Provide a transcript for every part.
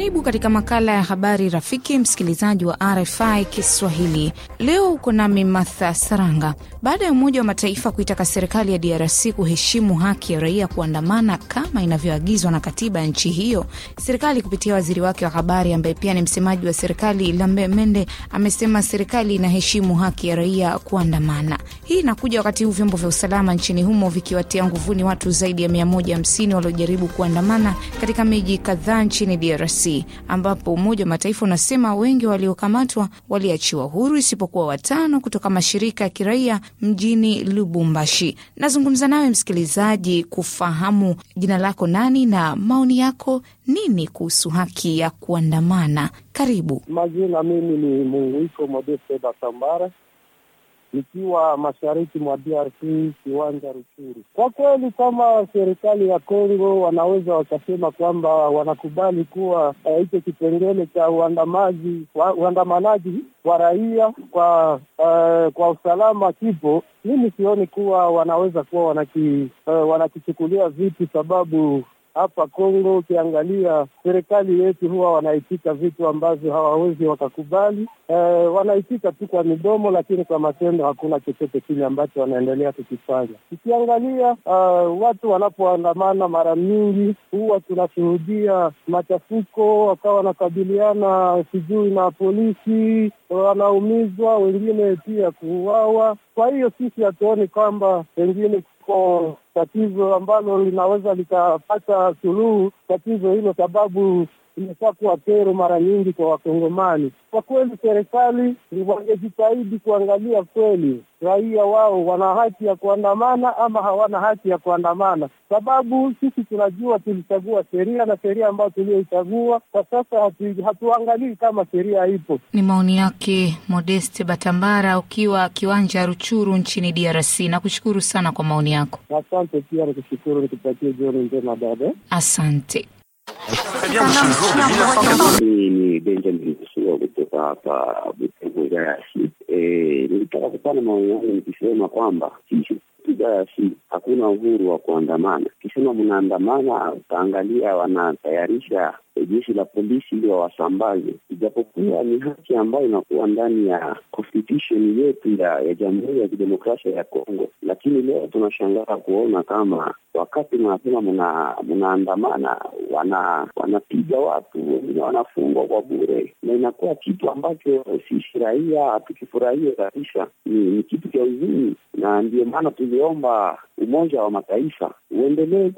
Karibu katika makala ya habari rafiki, msikilizaji wa RFI Kiswahili. Leo uko nami Martha Saranga. Baada ya Umoja wa Mataifa kuitaka serikali ya DRC kuheshimu haki ya raia kuandamana kama inavyoagizwa na katiba ya nchi hiyo, serikali kupitia waziri wake wa habari ambaye pia ni msemaji wa serikali Lambe Mende amesema serikali inaheshimu haki ya raia kuandamana. Hii inakuja wakati huu vyombo vya usalama nchini humo vikiwatia nguvuni watu zaidi ya 150 waliojaribu kuandamana katika miji kadhaa nchini DRC ambapo Umoja wa Mataifa unasema wengi waliokamatwa waliachiwa huru isipokuwa watano kutoka mashirika ya kiraia mjini Lubumbashi. Nazungumza nawe msikilizaji kufahamu jina lako nani na maoni yako nini kuhusu haki ya kuandamana. Karibu. Majina, mimi ni Munguiko Modeste Batambara nikiwa mashariki mwa DRC, kiwanja Ruchuru. Kwa kweli, kama serikali ya Kongo wanaweza wakasema kwamba wanakubali kuwa eh, hicho uh, kipengele cha uandamaji uandamanaji wa raia kwa uh, kwa usalama kipo, mimi sioni kuwa wanaweza kuwa wanaki, uh, wanakichukulia vipi sababu hapa Kongo, ukiangalia serikali yetu huwa wanaitika vitu ambavyo hawawezi wakakubali. E, wanaitika tu kwa midomo, lakini kwa matendo hakuna chochote kile ambacho wanaendelea kukifanya. Ukiangalia uh, watu wanapoandamana mara nyingi huwa tunashuhudia machafuko, wakawa wanakabiliana sijui na polisi, wanaumizwa wengine pia kuuawa. Kwa hiyo sisi hatuoni kwamba pengine hapo tatizo ambalo linaweza likapata suluhu tatizo hilo, sababu imekuwa kuwa kero mara nyingi kwa Wakongomani. Kwa kweli, serikali wangejitahidi kuangalia kweli raia wao wana haki ya kuandamana ama hawana haki ya kuandamana, sababu sisi tunajua tulichagua sheria na sheria ambayo tuliyoichagua kwa sasa hatu, hatuangalii kama sheria ipo. Ni maoni yake Modeste Batambara ukiwa kiwanja Ruchuru nchini DRC. Nakushukuru sana kwa maoni yako. Asante pia nikushukuru, nikupatie jioni njema dada. Asante. Mimi ni Benjamin Msua kutoka hapa Butembo, wilaya ya Shii. Nilitaka kupana maoni yangu nikisema kwamba basi hakuna uhuru wa kuandamana. Ukisema mnaandamana, utaangalia wanatayarisha jeshi la polisi ili wawasambaze, ijapokuwa ni haki ambayo inakuwa ndani ya constitution yetu ya, ya Jamhuri ya Kidemokrasia ya Kongo. Lakini leo tunashangaa kuona kama wakati mnasema mnaandamana, wana wanapiga watu, wengine wanafungwa kwa bure, na inakuwa kitu ambacho sisi raia hatukifurahia kabisa. Ni, ni kitu cha huzuni na ndiyo maana tuliomba Umoja wa Mataifa uendelee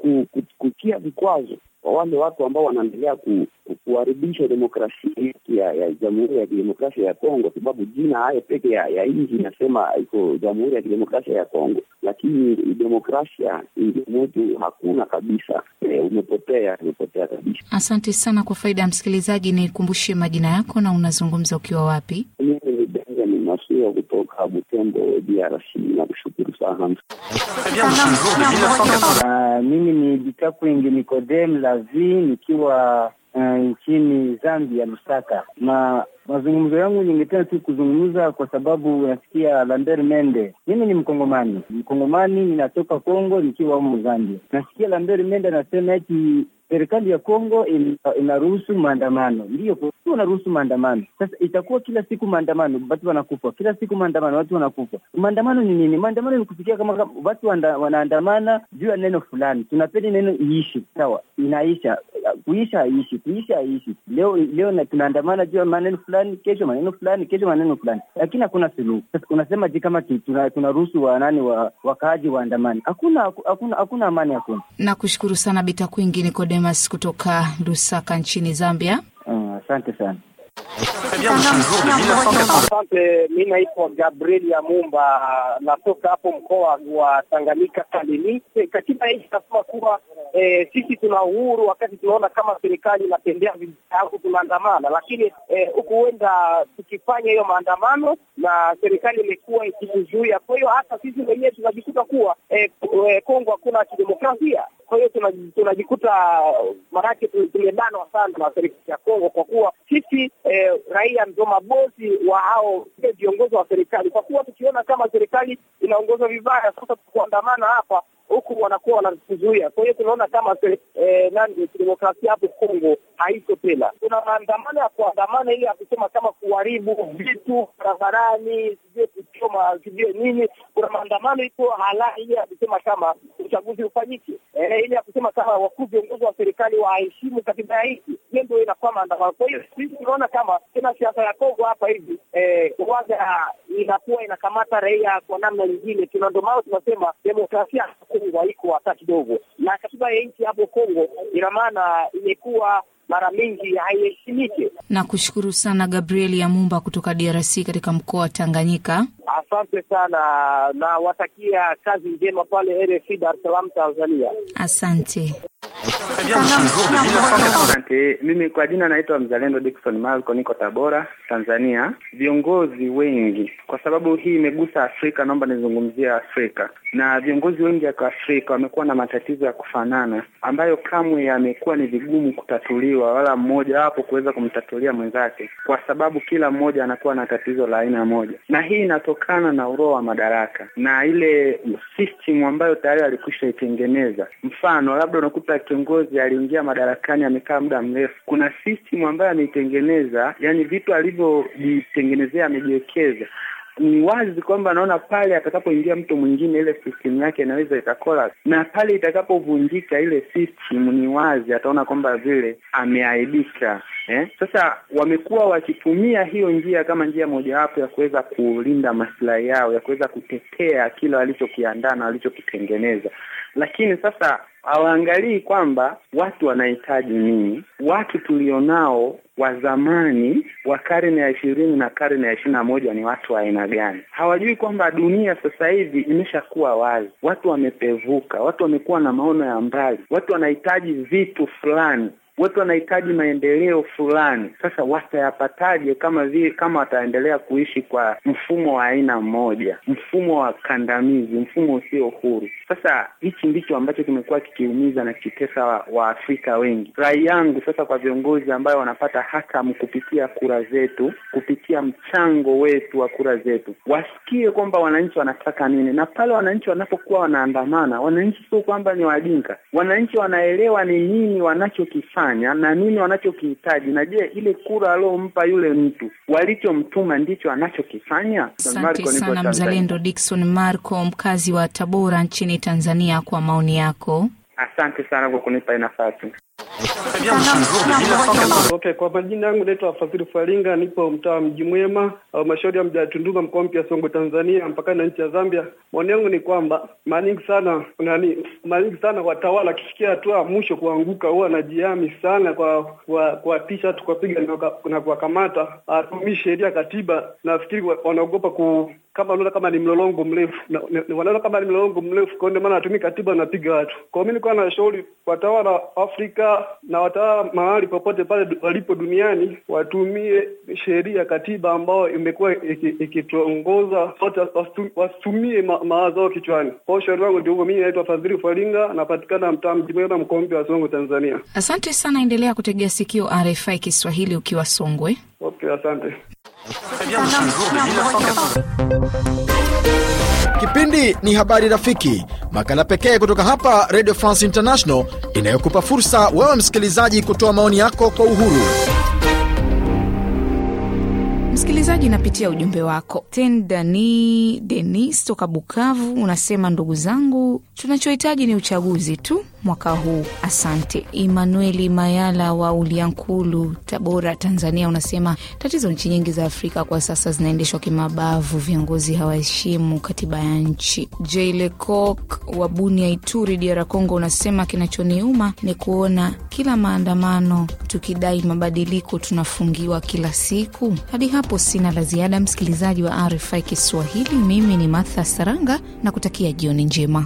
kutia vikwazo kwa wale watu ambao wanaendelea ku, ku, kuharibisha demokrasia yetu ya, ya Jamhuri ya Kidemokrasia ya Kongo, sababu jina hayo peke ya, ya nchi inasema iko Jamhuri ya Kidemokrasia ya Kongo, lakini demokrasia nchi mwetu hakuna kabisa. E, umepotea, umepotea kabisa. Asante sana. Kwa faida ya msikilizaji, nikumbushe majina yako na unazungumza ukiwa wapi? Ni Maziwa kutoka Butembo, DRC. Nakushukuru sana. Ah, mimi ni Bitakwingi Nikodem Lavi nikiwa eh, nchini Zambia, Lusaka na Mazungumzo yangu ningependa tu kuzungumza kwa sababu nasikia Lambert Mende. Mimi ni Mkongomani, Mkongomani, ninatoka Kongo nikiwa humu Zambia. Nasikia Lambert Mende anasema eti serikali ya Kongo inaruhusu maandamano. Ndiyo, wanaruhusu maandamano. Sasa itakuwa kila siku maandamano, watu wanakufa kila siku maandamano, watu wanakufa. Maandamano ni nini? Maandamano ni kufikia kama watu wanaandamana juu ya neno fulani, tunapenda neno iishi, sawa, inaisha kuisha, haiishi kuisha, haiishi. Leo leo tunaandamana juu ya maneno fulani fulani, kesho maneno fulani, kesho maneno fulani, lakini hakuna suluhu. Sasa unasema je, kama tunaruhusu ruhusu nani wa wakaaji waandamani? Hakuna, hakuna, hakuna amani, hakuna. Nakushukuru sana bita kwingi Nikodemas kutoka Lusaka nchini Zambia. Ah, asante uh, sana. Asante, mi naitwa Gabriel ya Mumba, natoka hapo mkoa wa Tanganyika Kalini. Eh, katiba hii inasema kuwa e, sisi tuna uhuru wakati tunaona kama serikali inatembea vibaya, huku tunaandamana, lakini eh, huku e, huenda tukifanya hiyo maandamano na serikali imekuwa ikituzuia. Kwa hiyo hata sisi wenyewe tunajikuta kuwa e, Kongo hakuna kidemokrasia. Kwa hiyo tunajikuta maanake tulibanwa sana na serikali ya Kongo, kwa kuwa sisi e, raia ndio mabosi wa hao viongozi wa serikali, kwa kuwa tukiona kama serikali inaongozwa vibaya, sasa kuandamana hapa huku wanakuwa wanatuzuia. Kwa hiyo tunaona kama e, nani demokrasia hapo Kongo haiko tena. Kuna maandamano ya kuandamana ile ya kusema kama kuharibu vitu barabarani, sijui kuchoma sijue nini. Kuna maandamano iko halali ile ya kusema kama uchaguzi ufanyike, eh, ili ya kusema kama wakuu viongozi wa serikali waheshimu katiba ya nchi, hiyo ndio inakuwa maandamano. Kwa hiyo sisi tunaona kama tena siasa ya Kongo hapa hivi eh, waga inakuwa inakamata raia kwa namna nyingine, tuna ndio maana tunasema demokrasia ya Kongo haiko hata kidogo, na katiba ya nchi hapo Kongo ina maana imekuwa mara mingi haiheshimike. Na kushukuru sana Gabriel Yamumba kutoka DRC katika mkoa wa Tanganyika. Asante sana na watakia kazi njema pale RFI Dar es Salaam Tanzania. Asante. Mimi kwa jina naitwa Mzalendo Dickson Malco, niko Tabora, Tanzania. Viongozi wengi, kwa sababu hii imegusa Afrika, naomba nizungumzia Afrika, na viongozi wengi wa kiafrika wamekuwa na matatizo ya kufanana ambayo kamwe yamekuwa ni vigumu kutatuliwa, wala mmoja wapo kuweza kumtatulia mwenzake, kwa sababu kila mmoja anakuwa na tatizo la aina moja, na hii inatokana na uroa wa madaraka na ile system ambayo tayari alikwisha itengeneza. Mfano labda unakuta kiongozi kiongozi aliingia madarakani amekaa muda mrefu, kuna system ambayo ameitengeneza, yani vitu alivyojitengenezea amejiwekeza ni wazi kwamba naona pale atakapoingia mtu mwingine ile system yake inaweza ikakola, na pale itakapovunjika ile system, ni wazi ataona kwamba vile ameaibika. Eh, sasa wamekuwa wakitumia hiyo njia kama njia mojawapo ya kuweza kulinda masilahi yao, ya kuweza kutetea kile walichokiandaa na walichokitengeneza lakini sasa hawaangalii kwamba watu wanahitaji nini. Watu tulionao wa zamani wa karne ya ishirini na karne ya ishirini na moja ni watu wa aina gani? Hawajui kwamba dunia sasa hivi imeshakuwa wazi, watu wamepevuka, watu wamekuwa na maono ya mbali, watu wanahitaji vitu fulani watu wanahitaji maendeleo fulani. Sasa watayapataje kama vile kama wataendelea kuishi kwa mfumo wa aina moja, mfumo wa kandamizi, mfumo usio huru? Sasa hichi ndicho ambacho kimekuwa kikiumiza na kikitesa waafrika wa wengi. Rai yangu sasa kwa viongozi ambayo wanapata hatamu kupitia kura zetu, kupitia mchango wetu wa kura zetu, wasikie kwamba wananchi wanataka nini, na pale wananchi wanapokuwa wanaandamana, wananchi sio kwamba ni wajinga, wananchi wanaelewa ni nini wanachokifanya alichokifanya na nini wanachokihitaji, na je, ile kura aliompa yule mtu walichomtuma ndicho anachokifanya? Asante sana mzalendo Dickson Marco, mkazi wa Tabora nchini Tanzania, kwa maoni yako. Asante sana kwa kunipa nafasi. Okay, kwa majina yangu naitwa Fadhili Faringa, nipo mtaa Mji Mwema, halmashauri ya mji wa Tunduma, mkoa mpya Songwe, Tanzania, mpakani na nchi ya Zambia. Maoni yangu ni kwamba mara nyingi sana nani, mara nyingi sana watawala akifikia hatua mwisho kuanguka, huwa anajihami sana kwa kuwatisha watu, kuwapiga na kuwakamata, hawatumii sheria, katiba. Nafikiri wanaogopa ku kama wanaona kama ni mlolongo mrefu, wanaona kama ni mlolongo mrefu, kwa ndio maana watumii katiba, anapiga watu. Kwa mimi nilikuwa na shauri watawala Afrika mamlaka na wataa mahali popote pale walipo duniani watumie sheria, katiba ambayo imekuwa ikituongoza sote, wasitumie mawazo yao kichwani. Kwa ushauri wangu ndio huo. Mimi naitwa Fadhili Faringa, napatikana mtaa Mjimwema, Mkombe wa Songwe, Tanzania. Asante sana, endelea kutegea sikio RFI Kiswahili ukiwa Songwe. Okay, asante Kipindi ni Habari Rafiki, makala pekee kutoka hapa Radio France International inayokupa fursa wewe msikilizaji kutoa maoni yako kwa uhuru. Msikilizaji, napitia ujumbe wako. Tendani Denis toka Bukavu unasema, ndugu zangu, tunachohitaji ni uchaguzi tu mwaka huu. Asante. Emanueli Mayala wa Uliankulu, Tabora, Tanzania, unasema tatizo nchi nyingi za Afrika kwa sasa zinaendeshwa kimabavu, viongozi hawaheshimu katiba ya nchi. Jlecoc wa Bunia, Ituri, DR Congo, unasema kinachoniuma ni kuona kila maandamano tukidai mabadiliko tunafungiwa kila siku. Hadi hapo sina la ziada, msikilizaji wa RFI Kiswahili. Mimi ni Martha Saranga na kutakia jioni njema.